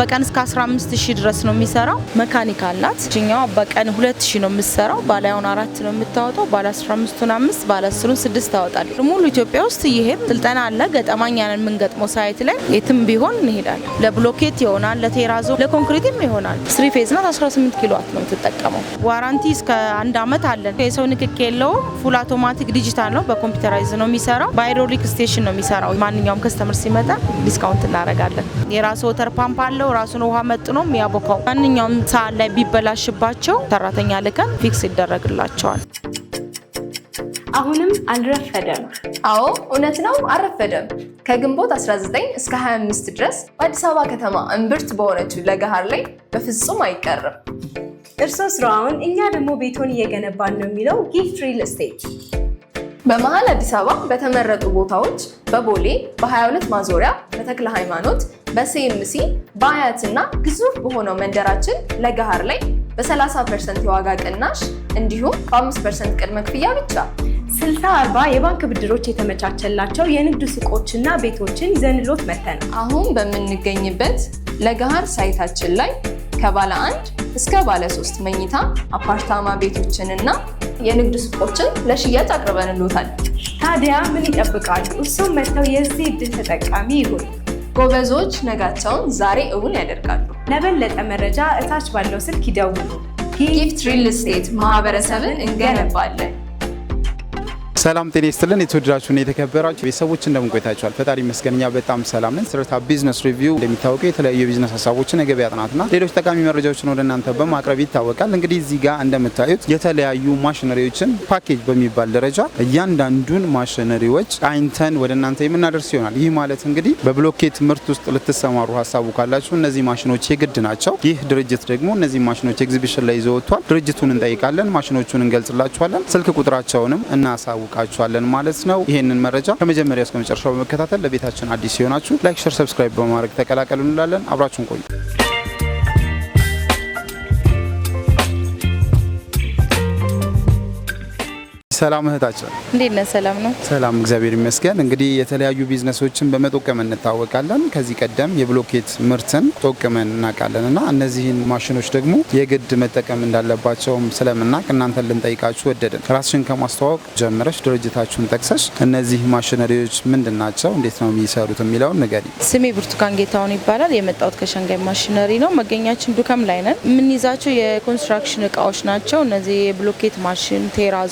በቀን እስከ 15000 ድረስ ነው የሚሰራው። መካኒካል ናት። እችኛዋ በቀን 2000 ነው የምትሰራው። ባላዩን አራት ነው የምታወጣው። ባለ 15ቱን አምስት ባለ 10ቱን ስድስት ታወጣለች። ሙሉ ኢትዮጵያ ውስጥ ይሄም ስልጠና አለ። ገጠማኛ ነን የምንገጥመው ሳይት ላይ የትም ቢሆን እንሄዳለን። ለብሎኬት ይሆናል፣ ለቴራዞ ለኮንክሪትም ይሆናል። ስሪ ፌዝ ናት። 18 ኪሎ ዋት ነው የምትጠቀመው። ዋራንቲ እስከ አንድ አመት አለን። የሰው ንክክ የለውም። ፉል አውቶማቲክ ዲጂታል ነው። በኮምፒውተራይዝ ነው የሚሰራው። በሃይድሮሊክ ስቴሽን ነው የሚሰራው። ማንኛውም ከስተምር ሲመጣ ዲስካውንት እናደርጋለን። የራሱ ወተር ፓምፕ አለው ያለው ራሱን ውሃ መጥኖ የሚያቦካው ማንኛውም ሰዓት ላይ ቢበላሽባቸው ሰራተኛ ልከን ፊክስ ይደረግላቸዋል። አሁንም አልረፈደም። አዎ እውነት ነው፣ አልረፈደም። ከግንቦት 19 እስከ 25 ድረስ በአዲስ አበባ ከተማ እምብርት በሆነችው ለገሃር ላይ በፍጹም አይቀርም። እርሶ ስራውን፣ እኛ ደግሞ ቤቶን እየገነባን ነው የሚለው ጊፍት ሪል ስቴት በመሀል አዲስ አበባ በተመረጡ ቦታዎች በቦሌ በ22 ማዞሪያ፣ በተክለ ሃይማኖት፣ በሲኤምሲ፣ በአያት እና ግዙፍ በሆነው መንደራችን ለገሃር ላይ በ30 ፐርሰንት የዋጋ ቅናሽ እንዲሁም በ5 ፐርሰንት ቅድመ ክፍያ ብቻ 60 40 የባንክ ብድሮች የተመቻቸላቸው የንግድ ሱቆችና ቤቶችን ይዘንሎት መተን አሁን በምንገኝበት ለገሃር ሳይታችን ላይ ከባለ አንድ እስከ ባለ ሶስት መኝታ አፓርታማ ቤቶችንና የንግድ ሱቆችን ለሽያጭ አቅርበን እንሎታል። ታዲያ ምን ይጠብቃሉ? እሱም መጥተው የዚህ ዕድል ተጠቃሚ ይሁን። ጎበዞች ነጋቸውን ዛሬ እውን ያደርጋሉ። ለበለጠ መረጃ እታች ባለው ስልክ ይደውሉ። ጊፍት ሪል ስቴት ማህበረሰብን እንገነባለን። ሰላም ጤና ይስጥልን። የተወደዳችሁና የተከበራችሁ ቤተሰቦች እንደምን ቆይታችኋል? ፈጣሪ ይመስገን በጣም ሰላም ነን። ስረታ ቢዝነስ ሪቪው እንደሚታወቀው የተለያዩ የቢዝነስ ሀሳቦችን፣ የገበያ ጥናትና ሌሎች ጠቃሚ መረጃዎችን ወደ እናንተ በማቅረብ ይታወቃል። እንግዲህ እዚህ ጋር እንደምታዩት የተለያዩ ማሽነሪዎችን ፓኬጅ በሚባል ደረጃ እያንዳንዱን ማሽነሪዎች አይንተን ወደ እናንተ የምናደርስ ይሆናል። ይህ ማለት እንግዲህ በብሎኬት ምርት ውስጥ ልትሰማሩ ሀሳቡ ካላችሁ እነዚህ ማሽኖች የግድ ናቸው። ይህ ድርጅት ደግሞ እነዚህ ማሽኖች ኤግዚቢሽን ላይ ይዞ ወጥቷል። ድርጅቱን እንጠይቃለን፣ ማሽኖቹን እንገልጽላችኋለን፣ ስልክ ቁጥራቸውንም እናሳውቃል እናሳውቃችኋለን ማለት ነው። ይህንን መረጃ ከመጀመሪያ እስከ መጨረሻው በመከታተል ለቤታችን አዲስ ሲሆናችሁ ላይክ፣ ሸር፣ ሰብስክራይብ በማድረግ ተቀላቀሉ እንላለን። አብራችሁን ቆዩ። ሰላም እህታችን እንዴት ነህ? ሰላም ነው። ሰላም እግዚአብሔር ይመስገን። እንግዲህ የተለያዩ ቢዝነሶችን በመጠቀም እንታወቃለን። ከዚህ ቀደም የብሎኬት ምርትን ጠቅመን እናውቃለን እና እነዚህን ማሽኖች ደግሞ የግድ መጠቀም እንዳለባቸውም ስለምናውቅ እናንተን ልንጠይቃችሁ ወደድን። ራስሽን ከማስተዋወቅ ጀምረሽ ድርጅታችሁን ጠቅሰሽ እነዚህ ማሽነሪዎች ምንድን ናቸው፣ እንዴት ነው የሚሰሩት የሚለውን ንገሪ። ስሜ ብርቱካን ጌታሁን ይባላል። የመጣሁት ከሸንጋይ ማሽነሪ ነው። መገኛችን ዱከም ላይ ነን። የምንይዛቸው የኮንስትራክሽን እቃዎች ናቸው። እነዚህ የብሎኬት ማሽን፣ ቴራዞ፣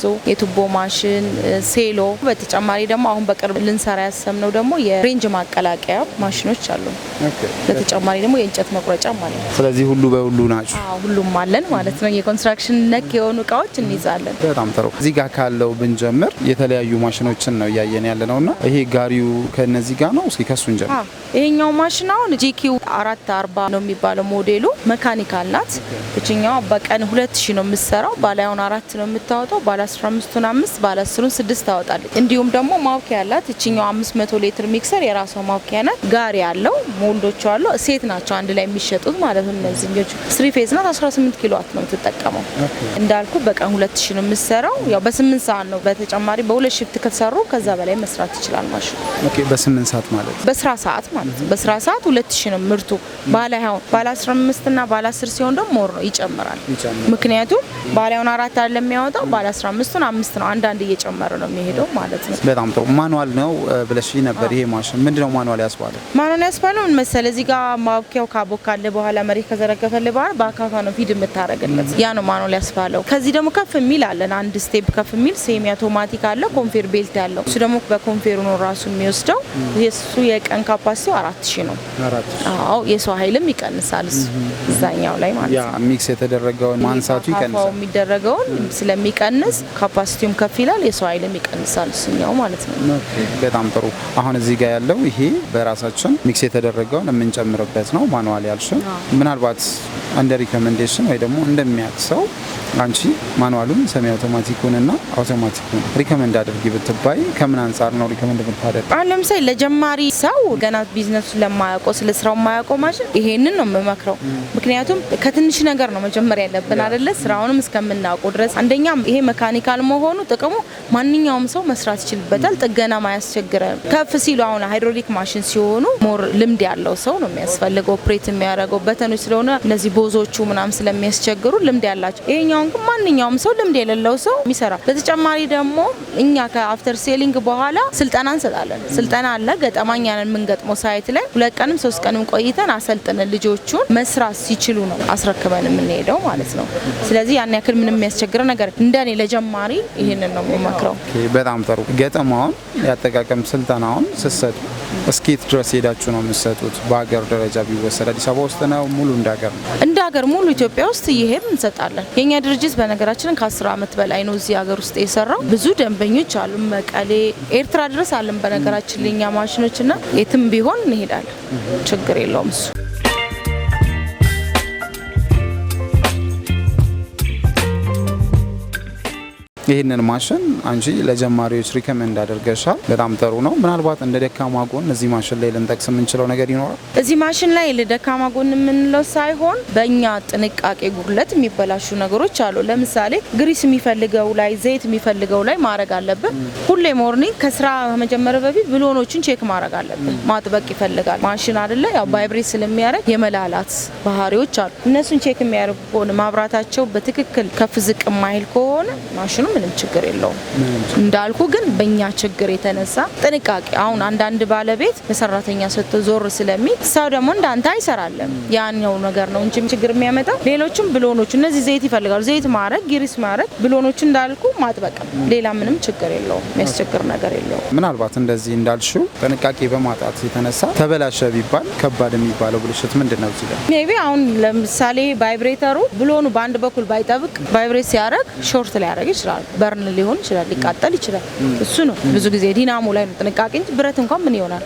የዳቦ ማሽን፣ ሴሎ፣ በተጨማሪ ደግሞ አሁን በቅርብ ልንሰራ ያሰብነው ደግሞ የሬንጅ ማቀላቀያ ማሽኖች አሉ። በተጨማሪ ደግሞ የእንጨት መቁረጫ ማለት ነው። ስለዚህ ሁሉ በሁሉ ናቸው። ሁሉም አለን ማለት ነው። የኮንስትራክሽን ነክ የሆኑ እቃዎች እንይዛለን። በጣም ጥሩ። እዚህ ጋር ካለው ብንጀምር የተለያዩ ማሽኖችን ነው እያየን ያለ ነው እና ይሄ ጋሪው ከነዚህ ጋር ነው። እስኪ ከሱ እንጀምር። ይሄኛው ማሽን አሁን ጂኪው አራት አርባ ነው የሚባለው ሞዴሉ መካኒካል ናት። እችኛዋ በቀን ሁለት ሺ ነው የምትሰራው። ባለ አሁን አራት ነው የምታወጣው። ባለ አስራ አምስቱ ሁለቱን አምስት ባለ አስሩን ስድስት ታወጣለች። እንዲሁም ደግሞ ማውኪያ አላት። ይችኛው አምስት መቶ ሌትር ሚክሰር የራሷ ማውኪያ ናት። ጋሪ ያለው ሞልዶቹ አሉ። ሴት ናቸው አንድ ላይ የሚሸጡት ማለት ነው። እነዚህ ኞቹ ስሪ ፌዝ ናት። 18 ኪሎዋት ነው የምትጠቀመው። እንዳልኩ በቀን ሁለት ሺ ነው የምትሰራው። ያው በስምንት ሰዓት ነው። በተጨማሪ በሁለት ሺፍት ከተሰሩ ከዛ በላይ መስራት ይችላል ማሽኑ። በስምንት ሰዓት ማለት በስራ ሰዓት ማለት ነው። በስራ ሰዓት ሁለት ሺ ነው ምርቱ። ባለ ሁን ባለ አምስት እና ባለ አስር ሲሆን ደግሞ ሞር ነው ይጨምራል። ምክንያቱም ባለ ሁን አራት አለ የሚያወጣው ባለ 15 አምስቱን አምስት ማለት ነው። አንዳንድ እየጨመረ ነው የሚሄደው ማለት ነው። በጣም ጥሩ ማኑዋል ነው ብለሽ ነበር። ይሄ ማሽን ምንድነው ማኑዋል ያስባለ ማኑዋል ያስባለ ምን መሰለ፣ እዚህ ጋር ማብኪያው ካቦካለ በኋላ መሬት ከዘረገፈለ በኋላ በአካፋ ነው ፊድ የምታረግለት። ያ ነው ማኑዋል ያስባለው። ከዚህ ደግሞ ከፍ የሚል አለን። አንድ ስቴፕ ከፍ የሚል ሴሚ አውቶማቲክ አለ፣ ኮንፌር ቤልት ያለው እሱ ደግሞ በኮንፌሩ ነው ራሱ የሚወስደው። የሱ የቀን ካፓሲቲው አራት ሺ ነው። አዎ የሰው ኃይልም ይቀንሳል እሱ እዛኛው ላይ ማለት ነው። ሚክስ የተደረገውን ማንሳቱ ይቀንሳል የሚደረገውን ስለሚቀንስ ካፓሲቲ ጂኦግራፊም ከፍ ይላል፣ የሰው ኃይልም ይቀንሳል። እሱኛው ማለት ነው። በጣም ጥሩ። አሁን እዚህ ጋር ያለው ይሄ በራሳችን ሚክስ የተደረገውን የምንጨምርበት ነው። ማኑዋል ያልሽን ምናልባት እንደ ሪኮመንዴሽን ወይ ደግሞ እንደሚያውቅ ሰው አንቺ ማኑዋሉን ሰሚ አውቶማቲክ ሆነና አውቶማቲክ ሆነ ሪከመንድ አድርጊ ብትባይ ከምን አንጻር ነው ሪከመንድ ምታደርግ? አሁን ለምሳሌ ለጀማሪ ሰው ገና ቢዝነሱ ለማያውቀው ስለ ስራው ማያውቀው ማሽን ይሄንን ነው የምመክረው። ምክንያቱም ከትንሽ ነገር ነው መጀመር ያለብን አደለ? ስራውንም እስከምናውቀው ድረስ አንደኛም ይሄ መካኒካል መሆኑ ጥቅሙ ማንኛውም ሰው መስራት ይችልበታል። ጥገና አያስቸግረም። ከፍ ሲሉ አሁን ሃይድሮሊክ ማሽን ሲሆኑ ሞር ልምድ ያለው ሰው ነው የሚያስፈልገው። ኦፕሬት የሚያደርገው በተኖች ስለሆነ እነዚህ ቦዞቹ ምናምን ስለሚያስቸግሩ ልምድ ያላቸው ይሄኛው አሁን ማንኛውም ሰው ልምድ የሌለው ሰው የሚሰራ በተጨማሪ ደግሞ እኛ ከአፍተር ሴሊንግ በኋላ ስልጠና እንሰጣለን። ስልጠና አለ ገጠማኛ ነን የምንገጥመው ሳይት ላይ ሁለት ቀንም ሶስት ቀንም ቆይተን አሰልጥነን ልጆቹን መስራት ሲችሉ ነው አስረክበን የምንሄደው ማለት ነው። ስለዚህ ያን ያክል ምንም የሚያስቸግረ ነገር እንደኔ ለጀማሪ ይህንን ነው የምመክረው። በጣም ጥሩ ገጠማውን ያጠቃቀም ስልጠናውን ስሰጡ እስኬት ድረስ ሄዳችሁ ነው የምትሰጡት? በሀገር ደረጃ ቢወሰድ አዲስ አበባ ውስጥ ነው ሙሉ እንደ ሀገር ነው እንደ ሀገር ሙሉ ኢትዮጵያ ውስጥ ይሄም እንሰጣለን። የእኛ ድርጅት በነገራችን ከአስር ዓመት በላይ ነው እዚህ ሀገር ውስጥ የሰራው። ብዙ ደንበኞች አሉ። መቀሌ፣ ኤርትራ ድረስ አለን። በነገራችን ላይ ማሽኖች እና የትም ቢሆን እንሄዳለን። ችግር የለውም እሱ ይህንን ማሽን አንቺ ለጀማሪዎች ሪከመንድ አድርገሻል። በጣም ጥሩ ነው። ምናልባት እንደ ደካማ ጎን እዚህ ማሽን ላይ ልንጠቅስ የምንችለው ነገር ይኖራል? እዚህ ማሽን ላይ ለደካማ ጎን የምንለው ሳይሆን በእኛ ጥንቃቄ ጉድለት የሚበላሹ ነገሮች አሉ። ለምሳሌ ግሪስ የሚፈልገው ላይ፣ ዘይት የሚፈልገው ላይ ማድረግ አለብን። ሁሌ ሞርኒንግ ከስራ መጀመር በፊት ብሎኖችን ቼክ ማድረግ አለብን። ማጥበቅ ይፈልጋል ማሽን አደለ? ያው ቫይብሬት ስለሚያደርግ የመላላት ባህሪዎች አሉ። እነሱን ቼክ የሚያደርጉ ከሆነ ማብራታቸው በትክክል ከፍ ዝቅ ማይል ከሆነ ማሽኑ ምንም ችግር የለውም። እንዳልኩ ግን በእኛ ችግር የተነሳ ጥንቃቄ አሁን አንዳንድ ባለቤት ሰጥቶ ዞር ስለሚል ሰው ደግሞ እንዳንተ አይሰራለም። ያኛው ነገር ነው እንጂ ችግር የሚያመጣው ሌሎችም ብሎኖች እነዚህ ዘይት ይፈልጋሉ። ዘይት ማድረግ ጊሪስ ማድረግ ብሎኖች እንዳልኩ ማጥበቅ፣ ሌላ ምንም ችግር የለውም። የሚያስቸግር ነገር የለውም። ምናልባት እንደዚህ እንዳልሽው ጥንቃቄ በማጣት የተነሳ ተበላሸ ቢባል ከባድ የሚባለው ብልሽት ምንድን ነው? ሜይ ቢ አሁን ለምሳሌ ቫይብሬተሩ ብሎኑ በአንድ በኩል ባይጠብቅ ቫይብሬት ሲያደርግ ሾርት ሊያደርግ ይችላል። በርን ሊሆን ይችላል፣ ሊቃጠል ይችላል። እሱ ነው ብዙ ጊዜ ዲናሞ ላይ ነው ጥንቃቄ እንጂ ብረት እንኳን ምን ይሆናል?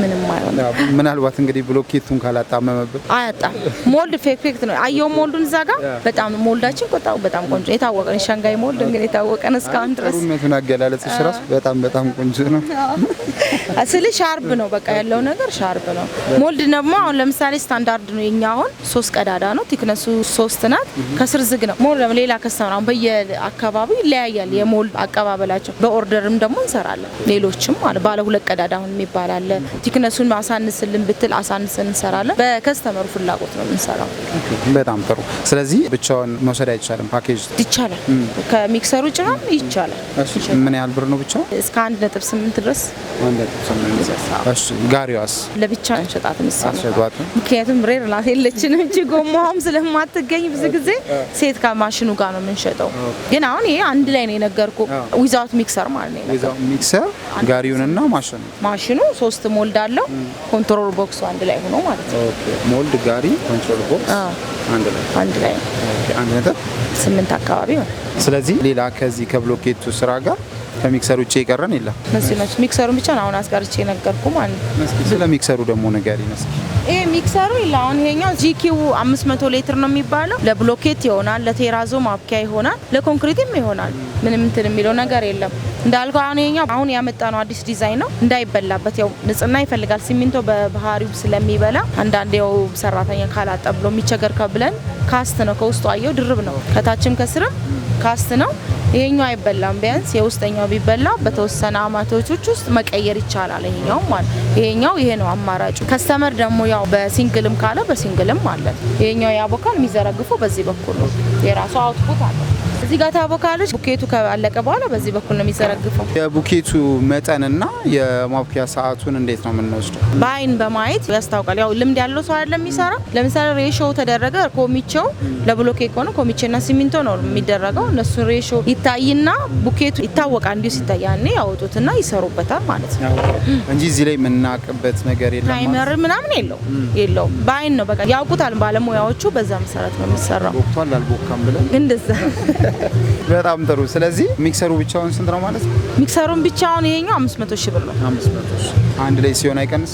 ምንም አይሆንም። ምናልባት እንግዲህ ብሎኬቱን ካላጣመመበት አያጣ ሞልድ ፌክፌክት ነው አየው ሞልዱን እዛ ጋር በጣም ሞልዳችን ቆጣው በጣም ቆንጆ የታወቀ ነው። ሻንጋይ ሞልድ እንግዲህ የታወቀ ነው እስካሁን ድረስ ሩነቱን አገላለጽ ራሱ በጣም በጣም ቆንጆ ነው። ስል ሻርብ ነው በቃ ያለው ነገር ሻርብ ነው። ሞልድ ደግሞ አሁን ለምሳሌ ስታንዳርድ ነው የኛ አሁን ሶስት ቀዳዳ ነው ቲክነሱ ሶስት ናት። ከስር ዝግ ነው ሞልድ ሌላ ከስተምር አሁን በየአካባቢው ይለያያል። የሞል አቀባበላቸው በኦርደርም ደግሞ እንሰራለን። ሌሎችም አለ ባለ ሁለት ቀዳዳ አሁን የሚባል አለ። ቲክነሱን አሳንስልን ብትል አሳንስን እንሰራለን። በከስተመሩ ፍላጎት ነው የምንሰራው። በጣም ጥሩ። ስለዚህ ብቻውን መውሰድ አይቻልም። ፓኬጅ ይቻላል። ከሚክሰሩ ጭራም ይቻላል። ምን ያህል ብር ነው ብቻው? እስከ አንድ ነጥብ ስምንት ድረስ ጋሪዋስ ለብቻ እንሸጣት ምሳሸጧት ምክንያቱም ሬር ናት የለችንም እንጂ ጎማውም ስለማትገኝ ብዙ ጊዜ ሴት ከማሽኑ ጋር ነው የምንሸጠው። ግን አሁን ይሄ አንድ አንድ ላይ ነው የነገርኩ። ዊዛውት ሚክሰር ማለት ነው። ዊዛውት ሚክሰር ጋሪውንና ማሽኑ ማሽኑ ሶስት ሞልድ አለው። ኮንትሮል ቦክሱ አንድ ላይ ሆኖ ማለት ነው። ኦኬ ሞልድ፣ ጋሪ፣ ኮንትሮል ቦክስ አንድ ላይ አንድ ላይ ኦኬ። አንድ ነጥብ ስምንት አካባቢ ነው። ስለዚህ ሌላ ከዚህ ከብሎኬቱ ስራ ጋር ከሚክሰር ውጭ የቀረን የለም። እነሱ ሚክሰሩ ብቻ ነው አሁን አስቀርቼ ነገርኩ ማለት ነው። ስለ ሚክሰሩ ደግሞ ነገር ይመስል ይሄ ሚክሰሩ ይላ አሁን ይሄኛው ጂኪው 500 ሌትር ነው የሚባለው። ለብሎኬት ይሆናል፣ ለቴራዞ ማብኪያ ይሆናል፣ ለኮንክሪትም ይሆናል። ምንም እንትን የሚለው ነገር የለም። እንዳልከው አሁን ይሄኛው አሁን ያመጣ ነው አዲስ ዲዛይን ነው። እንዳይበላበት ያው ንጽህና ይፈልጋል። ሲሚንቶ በባህሪው ስለሚበላ አንዳንድ ያው ሰራተኛ ካላጣ የሚቸገር ከብለን ካስት ነው ከውስጡ አየው ድርብ ነው ከታችም ከስርም ካስት ነው ይሄኛው አይበላም። ቢያንስ የውስጠኛው ቢበላ በተወሰነ አማቶች ውስጥ መቀየር ይቻላል። ይሄኛው ማለት ይሄኛው ይሄ ነው አማራጩ። ከስተመር ደግሞ ያው በሲንግልም ካለ በሲንግልም አለ። ይሄኛው የአቦካን የሚዘረግፈው በዚህ በኩል ነው። የራሱ አውትፑት አለ። እዚህ ጋር ታቦካለች። ቡኬቱ ካለቀ በኋላ በዚህ በኩል ነው የሚዘረግፈው። የቡኬቱ መጠንና የማብኪያ ሰዓቱን እንዴት ነው የምንወስደው? በአይን በማየት ያስታውቃል። ያው ልምድ ያለው ሰው አይደለም የሚሰራ። ለምሳሌ ሬሾ ተደረገ፣ ኮሚቼው ለብሎኬ ከሆነ ኮሚቼና ሲሚንቶ ነው የሚደረገው። እነሱ ሬሾ ይታይና ቡኬቱ ይታወቃል። እንዲሁ ሲታይ ያኔ ያወጡትና ይሰሩበታል ማለት ነው እንጂ እዚህ ላይ የምናውቅበት ነገር የለም። ታይመር ምናምን የለው የለው። በአይን ነው በቃ ያውቁታል ባለሙያዎቹ። በዛ መሰረት ነው የሚሰራው። ቦክቷል አልቦካም ብለን እንደዛ በጣም ጥሩ። ስለዚህ ሚክሰሩ ብቻውን ስንት ነው ማለት ነው? ሚክሰሩን ብቻውን ይሄኛው 500 ሺህ ብር ነው። 500 ሺህ አንድ ላይ ሲሆን አይቀንስ?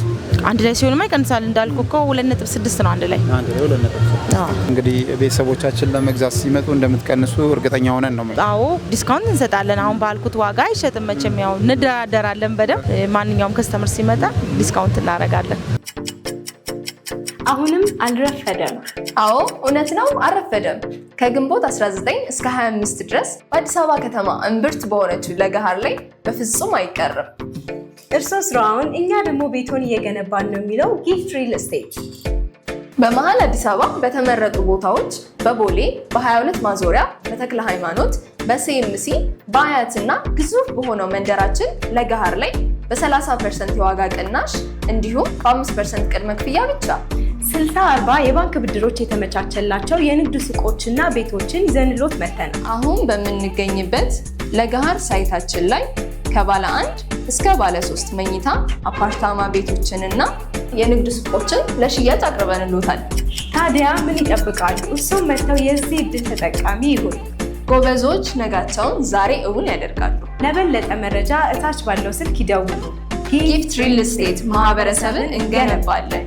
አንድ ላይ ሲሆን ይቀንሳል። እንዳልኩ እኮ 2.6 ነው አንድ ላይ አንድ ላይ 2.6። አዎ እንግዲህ ቤተሰቦቻችን ለመግዛት ሲመጡ እንደምትቀንሱ እርግጠኛ ሆነን ነው። አዎ ዲስካውንት እንሰጣለን። አሁን ባልኩት ዋጋ አይሸጥም መቼም። ያው እንደራደራለን በደንብ ማንኛውም ከስተምር ሲመጣ ዲስካውንት እናደርጋለን። አሁንም አልረፈደም። አዎ እውነት ነው፣ አልረፈደም። ከግንቦት 19 እስከ 25 ድረስ በአዲስ አበባ ከተማ እምብርት በሆነችው ለገሃር ላይ በፍጹም አይቀርም። እርሶ ስራውን፣ እኛ ደግሞ ቤቶን እየገነባን ነው የሚለው ጊፍት ሪል ስቴት በመሀል አዲስ አበባ በተመረጡ ቦታዎች በቦሌ በ22 ማዞሪያ፣ በተክለ ሃይማኖት፣ በሴምሲ፣ በአያት እና ግዙፍ በሆነው መንደራችን ለገሃር ላይ በ30 ፐርሰንት የዋጋ ቅናሽ እንዲሁም በ5 ፐርሰንት ቅድመ ክፍያ ብቻ ስልሳ አርባ የባንክ ብድሮች የተመቻቸላቸው የንግድ ሱቆችና ቤቶችን ይዘንሎት መተናል። አሁን በምንገኝበት ለገሃር ሳይታችን ላይ ከባለ አንድ እስከ ባለ ሶስት መኝታ አፓርታማ ቤቶችንና የንግድ ሱቆችን ለሽያጭ አቅርበንሎታል። ታዲያ ምን ይጠብቃሉ? እሱም መጥተው የዚህ ዕድል ተጠቃሚ ይሁን። ጎበዞች ነጋቸውን ዛሬ እውን ያደርጋሉ። ለበለጠ መረጃ እታች ባለው ስልክ ይደውሉ። ጊፍት ሪል ስቴት ማህበረሰብን እንገነባለን።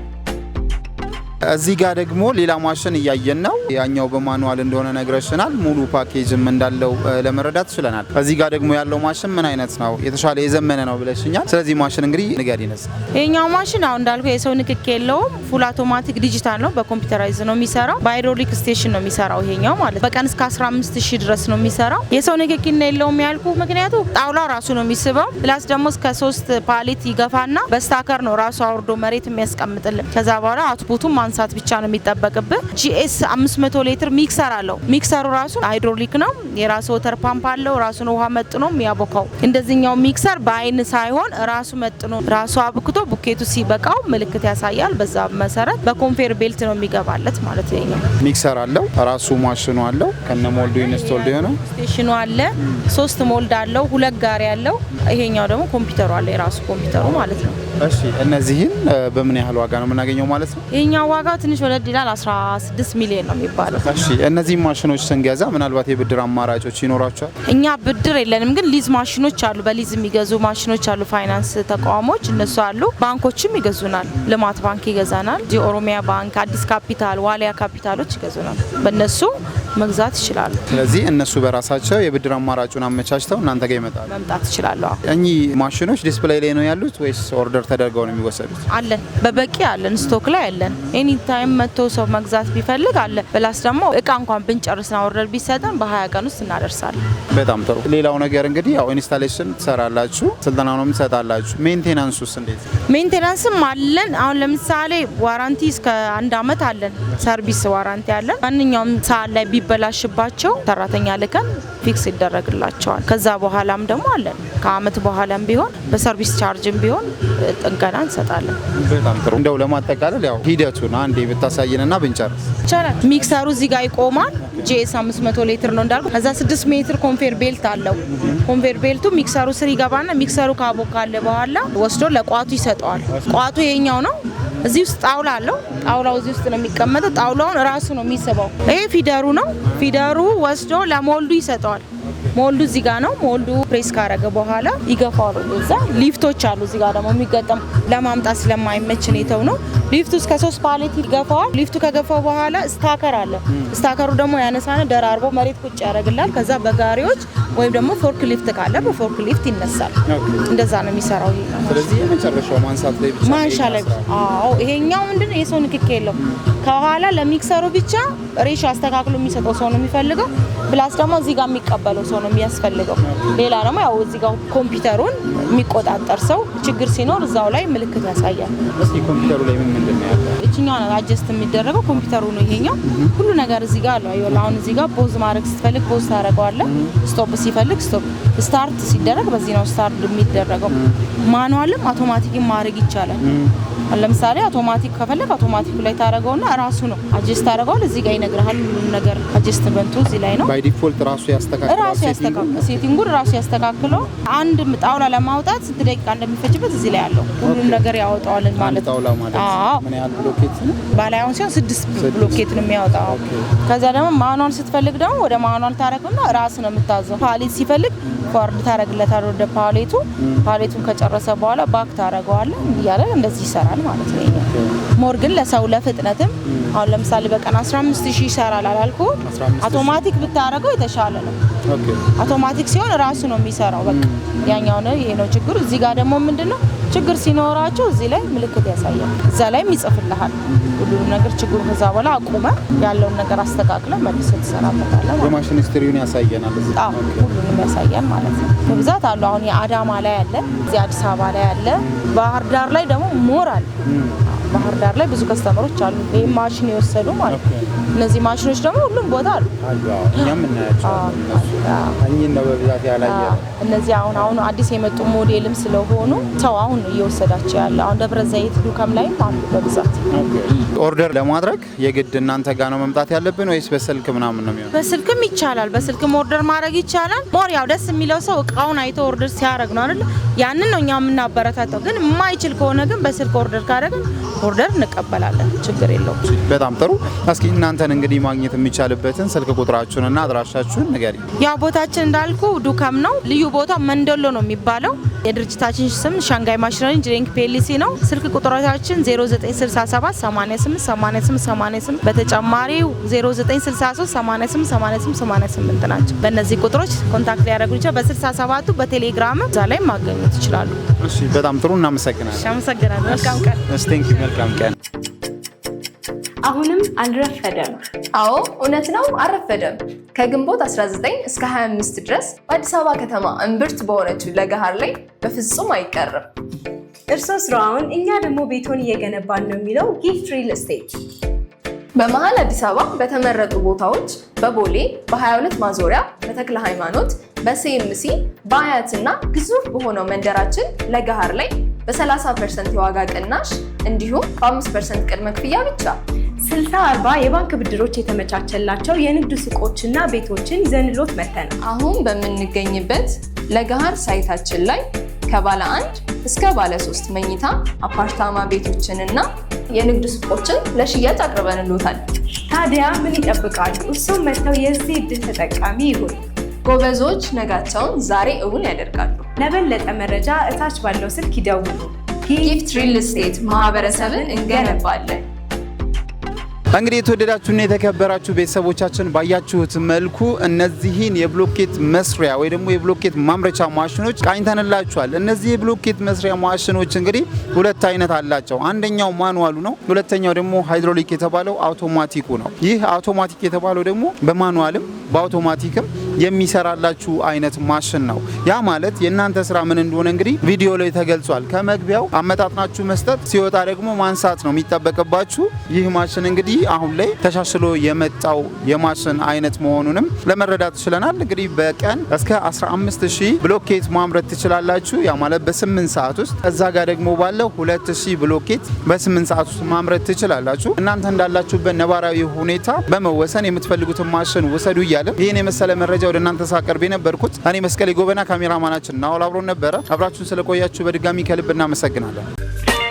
እዚህ ጋር ደግሞ ሌላ ማሽን እያየን ነው። ያኛው በማኑዋል እንደሆነ ነግረሽናል። ሙሉ ፓኬጅም እንዳለው ለመረዳት ችለናል። እዚህ ጋር ደግሞ ያለው ማሽን ምን አይነት ነው? የተሻለ የዘመነ ነው ብለሽኛል። ስለዚህ ማሽን እንግዲህ ንገድ ይነስ ይህኛው ማሽን አሁ እንዳልኩ የሰው ንክክ የለውም። ፉል አውቶማቲክ ዲጂታል ነው። በኮምፒውተራይዝ ነው የሚሰራው። በሃይድሮሊክ ስቴሽን ነው የሚሰራው። ይሄኛው ማለት በቀን እስከ 15 ሺህ ድረስ ነው የሚሰራው። የሰው ንክክ የለውም ያልኩ ምክንያቱ ጣውላው ራሱ ነው የሚስበው። ፕላስ ደግሞ እስከ ሶስት ፓሌት ይገፋና በስታከር ነው ራሱ አውርዶ መሬት የሚያስቀምጥልን። ከዛ በኋላ አውትፑቱም ማንሳት ብቻ ነው የሚጠበቅብህ። ጂኤስ 500 ሊትር ሚክሰር አለው። ሚክሰሩ ራሱ ሃይድሮሊክ ነው። የራሱ ወተር ፓምፕ አለው። ራሱን ውሃ መጥኖ የሚያቦካው። እንደዚህኛው ሚክሰር በአይን ሳይሆን ራሱ መጥኖ ራሱ አብክቶ ቡኬቱ ሲበቃው ምልክት ያሳያል። በዛ መሰረት በኮንፌር ቤልት ነው የሚገባለት ማለት ነው። ሚክሰር አለው። ራሱ ማሽኑ አለው ከነ ሞልዱ ኢንስቶልድ የሆነ ስቴሽኑ አለ። ሶስት ሞልድ አለው። ሁለት ጋሪ አለው። ይሄኛው ደግሞ ኮምፒውተሩ አለ የራሱ ኮምፒውተሩ ማለት ነው። እሺ እነዚህን በምን ያህል ዋጋ ነው የምናገኘው ማለት ነው? ይህኛው ዋጋው ትንሽ ወለድ ይላል 16 ሚሊዮን ነው የሚባለው። እሺ እነዚህን ማሽኖች ስንገዛ ምናልባት የብድር አማራጮች ይኖራቸዋል? እኛ ብድር የለንም፣ ግን ሊዝ ማሽኖች አሉ። በሊዝ የሚገዙ ማሽኖች አሉ፣ ፋይናንስ ተቋሞች እነሱ አሉ። ባንኮችም ይገዙናል። ልማት ባንክ ይገዛናል፣ ኦሮሚያ ባንክ፣ አዲስ ካፒታል፣ ዋሊያ ካፒታሎች ይገዙናል። በእነሱ መግዛት ይችላሉ። ስለዚህ እነሱ በራሳቸው የብድር አማራጩን አመቻችተው እናንተ ጋር ይመጣሉ፣ መምጣት ይችላሉ። እኚህ ማሽኖች ዲስፕሌይ ላይ ነው ያሉት ወይስ ኦርደር ተደርገው ነው የሚወሰዱት? አለን፣ በበቂ አለን፣ ስቶክ ላይ አለን። ኤኒ ታይም መጥቶ ሰው መግዛት ቢፈልግ አለ። ፕላስ ደግሞ እቃ እንኳን ብንጨርስና ኦርደር ቢሰጠን በሀያ ቀን ውስጥ እናደርሳለን። በጣም ጥሩ። ሌላው ነገር እንግዲህ ያው ኢንስታሌሽን ትሰራላችሁ፣ ስልጠና ነው ትሰጣላችሁ። ሜንቴናንስ ውስጥ እንዴት? ሜንቴናንስም አለን። አሁን ለምሳሌ ዋራንቲ እስከ አንድ አመት አለን፣ ሰርቪስ ዋራንቲ አለን። ማንኛውም ሰዓት ላይ እንዳይበላሽባቸው ሰራተኛ ልከን ፊክስ ይደረግላቸዋል። ከዛ በኋላም ደግሞ አለን ከአመት በኋላም ቢሆን በሰርቪስ ቻርጅም ቢሆን ጥገና እንሰጣለን። በጣም ጥሩ። እንደው ለማጠቃለል ያው ሂደቱን አንዴ ብታሳይንና ብንጨርስ ይቻላል። ሚክሰሩ እዚህ ጋር ይቆማል። ጂኤስ 500 ሌትር ነው እንዳልኩ። ከዛ 6 ሜትር ኮንቬር ቤልት አለው። ኮንቬር ቤልቱ ሚክሰሩ ስር ይገባና ሚክሰሩ ካቦካለ በኋላ ወስዶ ለቋቱ ይሰጠዋል። ቋቱ የኛው ነው። እዚህ ውስጥ ጣውላ አለው። ጣውላው እዚህ ውስጥ ነው የሚቀመጠው። ጣውላውን ራሱ ነው የሚስበው። ይሄ ፊደሩ ነው። ፊደሩ ወስዶ ለሞልዱ ይሰጠዋል። not ሞልዱ እዚህ ጋር ነው። ሞልዱ ፕሬስ ካረገ በኋላ ይገፋሉ። እዛ ሊፍቶች አሉ። እዚህ ጋር ደግሞ የሚገጠም ለማምጣት ስለማይመች ኔተው ነው። ሊፍቱ እስከ ሶስት ፓሌት ይገፋዋል። ሊፍቱ ከገፋው በኋላ ስታከር አለ። ስታከሩ ደግሞ ያነሳነ ደራርቦ መሬት ቁጭ ያደርግላል። ከዛ በጋሪዎች ወይም ደግሞ ፎርክ ሊፍት ካለ በፎርክ ሊፍት ይነሳል። እንደዛ ነው የሚሰራው። ስለዚህ የመጨረሻው ማንሳት ላይ ብቻ ማንሻ ላይ አዎ። ይሄኛው ምንድነው የሰው ንክክ የለው። ከኋላ ለሚክሰሩ ብቻ ሬሽ አስተካክሎ የሚሰጠው ሰው ነው የሚፈልገው። ብላስ ደግሞ እዚህ ጋር የሚቀበል ያለው ሰው ነው የሚያስፈልገው። ሌላ ደግሞ ያው እዚህ ጋር ኮምፒውተሩን የሚቆጣጠር ሰው ችግር ሲኖር እዛው ላይ ምልክት ያሳያል። ኮምፒውተሩ ላይ ምን ምንድን ነው ያለው? እችኛዋ አጀስት የሚደረገው ኮምፒውተሩ ነው። ይሄኛው ሁሉ ነገር እዚህ ጋር አለው። አሁን እዚህ ጋር ቦዝ ማድረግ ስትፈልግ ቦዝ ታደርገዋለህ። ስቶፕ ሲፈልግ ስቶፕ ስታርት ሲደረግ በዚህ ነው ስታርት የሚደረገው። ማኑዋልም አውቶማቲክን ማድረግ ይቻላል። ለምሳሌ አውቶማቲክ ከፈለግ አውቶማቲክ ላይ ታደረገውና ራሱ ነው አጀስት ታደረገዋል። እዚህ ጋር ይነግርሃል ሁሉም ነገር አጀስትመንቱ እዚህ ላይ ነው። ባይ ዲፎልት ራሱ ያስተካክለው ሴቲንጉን ራሱ ያስተካክለው። አንድ ጣውላ ለማውጣት ስንት ደቂቃ እንደሚፈጅበት እዚህ ላይ አለው። ሁሉም ነገር ያወጣዋልን ማለት ጣውላ ማለት ምን ሲሆን ስድስት ብሎኬት ነው የሚያወጣው። ከዚያ ደግሞ ማኗል ስትፈልግ ደግሞ ወደ ማኗል ታደረግና ራስ ነው የምታዘው ፓሊት ሲፈልግ ፎርድ ታረግለታል ወደ ፓሌቱ። ፓሌቱን ከጨረሰ በኋላ ባክ ታረገዋለ እያለ እንደዚህ ይሰራል ማለት ነው። ሞር ግን ለሰው ለፍጥነትም አሁን ለምሳሌ በቀን 15000 ይሰራል አላልኩ። አውቶማቲክ ብታረገው የተሻለ ነው። አውቶማቲክ ሲሆን ራሱ ነው የሚሰራው። በቃ ያኛው ነው ይሄ ነው ችግሩ። እዚህ ጋር ደግሞ ምንድነው ችግር ሲኖራቸው እዚህ ላይ ምልክት ያሳያል፣ እዛ ላይም ይጽፍልሃል ሁሉንም ነገር ችግሩ። ከዛ በኋላ አቁመ ያለውን ነገር አስተካክለ መልሶ ትሰራበታለህ። የማሽን ስትሪውን ያሳየናል፣ ሁሉንም ያሳያል ማለት ነው። በብዛት አሉ። አሁን የአዳማ ላይ አለ፣ እዚህ አዲስ አበባ ላይ አለ፣ ባህር ዳር ላይ ደግሞ ሞር አለ። ባህር ዳር ላይ ብዙ ከስተመሮች አሉ፣ ይህም ማሽን የወሰዱ ማለት ነው። እነዚህ ማሽኖች ደግሞ ሁሉም ቦታ አሉ። እኛም ነው በብዛት ያላየ እነዚህ አሁን አሁን አዲስ የመጡ ሞዴልም ስለሆኑ ሰው አሁን እየወሰዳቸው ያለ አሁን ደብረ ዘይት ዱከም ላይ አሉ በብዛት። ኦርደር ለማድረግ የግድ እናንተ ጋ ነው መምጣት ያለብን ወይስ በስልክ ምናምን ነው የሚሆነው? በስልክም ይቻላል፣ በስልክም ኦርደር ማድረግ ይቻላል። ሞር ያው ደስ የሚለው ሰው እቃውን አይቶ ኦርደር ሲያደርግ ነው አይደል? ያንን ነው እኛ የምናበረታተው። ግን የማይችል ከሆነ ግን በስልክ ኦርደር ካደረግን ኦርደር እንቀበላለን፣ ችግር የለውም። በጣም ጥሩ። እስኪ እናንተ እናንተን እንግዲህ ማግኘት የሚቻልበትን ስልክ ቁጥራችሁንና አድራሻችሁን ንገሪ። ያው ቦታችን እንዳልኩ ዱከም ነው። ልዩ ቦታ መንደሎ ነው የሚባለው። የድርጅታችን ስም ሻንጋይ ማሽነሪ ድሪንክ ፒኤልሲ ነው። ስልክ ቁጥራችን 0967888888 በተጨማሪ 0963888888 ናቸው። በእነዚህ ቁጥሮች ኮንታክት ሊያደርጉ ይችላል። በ67ቱ በቴሌግራም እዛ ላይ ማገኘት ይችላሉ። በጣም ጥሩ እናመሰግናለን። አመሰግናለሁ። መልካም ቀን። አሁንም አልረፈደም። አዎ እውነት ነው፣ አልረፈደም። ከግንቦት 19 እስከ 25 ድረስ በአዲስ አበባ ከተማ እምብርት በሆነችው ለገሃር ላይ በፍጹም አይቀርም። እርስዎ ስራውን፣ እኛ ደግሞ ቤቶን እየገነባን ነው የሚለው ጊፍት ሪል ስቴት በመሀል አዲስ አበባ በተመረጡ ቦታዎች በቦሌ በ22 ማዞሪያ፣ በተክለ ሃይማኖት፣ በሲኤምሲ፣ በአያት እና ግዙፍ በሆነው መንደራችን ለገሃር ላይ በ30 ፐርሰንት የዋጋ ቅናሽ እንዲሁም በ5 ፐርሰንት ቅድመ ክፍያ ብቻ ስልሳ አርባ የባንክ ብድሮች የተመቻቸላቸው የንግድ ሱቆችና ቤቶችን ይዘንሎት መተን አሁን በምንገኝበት ለገሃር ሳይታችን ላይ ከባለ አንድ እስከ ባለ ሶስት መኝታ አፓርታማ ቤቶችንና የንግድ ሱቆችን ለሽያጭ አቅርበንሎታል። ታዲያ ምን ይጠብቃሉ? እሱም መጥተው የዚህ ዕድል ተጠቃሚ ይሁን። ጎበዞች ነጋቸውን ዛሬ እውን ያደርጋሉ። ለበለጠ መረጃ እታች ባለው ስልክ ይደውሉ። ጊፍት ሪል ስቴት ማህበረሰብን እንገነባለን። እንግዲህ የተወደዳችሁና የተከበራችሁ ቤተሰቦቻችን ባያችሁት መልኩ እነዚህን የብሎኬት መስሪያ ወይ ደግሞ የብሎኬት ማምረቻ ማሽኖች ቃኝተንላችኋል። እነዚህ የብሎኬት መስሪያ ማሽኖች እንግዲህ ሁለት አይነት አላቸው። አንደኛው ማኑዋሉ ነው፣ ሁለተኛው ደግሞ ሃይድሮሊክ የተባለው አውቶማቲኩ ነው። ይህ አውቶማቲክ የተባለው ደግሞ በማኑዋልም በአውቶማቲክም የሚሰራላችሁ አይነት ማሽን ነው። ያ ማለት የእናንተ ስራ ምን እንደሆነ እንግዲህ ቪዲዮ ላይ ተገልጿል። ከመግቢያው አመጣጥናችሁ መስጠት፣ ሲወጣ ደግሞ ማንሳት ነው የሚጠበቅባችሁ። ይህ ማሽን እንግዲህ አሁን ላይ ተሻሽሎ የመጣው የማሽን አይነት መሆኑንም ለመረዳት ችለናል። እንግዲህ በቀን እስከ 15000 ብሎኬት ማምረት ትችላላችሁ። ያ ማለት በ8 ሰዓት ውስጥ እዛ ጋር ደግሞ ባለው 2000 ብሎኬት በ8 ሰዓት ውስጥ ማምረት ትችላላችሁ። እናንተ እንዳላችሁበት ነባራዊ ሁኔታ በመወሰን የምትፈልጉትን ማሽን ውሰዱ እያለን ይህን የመሰለ መረጃ ወደ እናንተ ሳቀርብ የነበርኩት እኔ መስቀል የጎበና ካሜራማናችን ናውል አብሮን ነበረ። አብራችሁን ስለቆያችሁ በድጋሚ ከልብ እናመሰግናለን።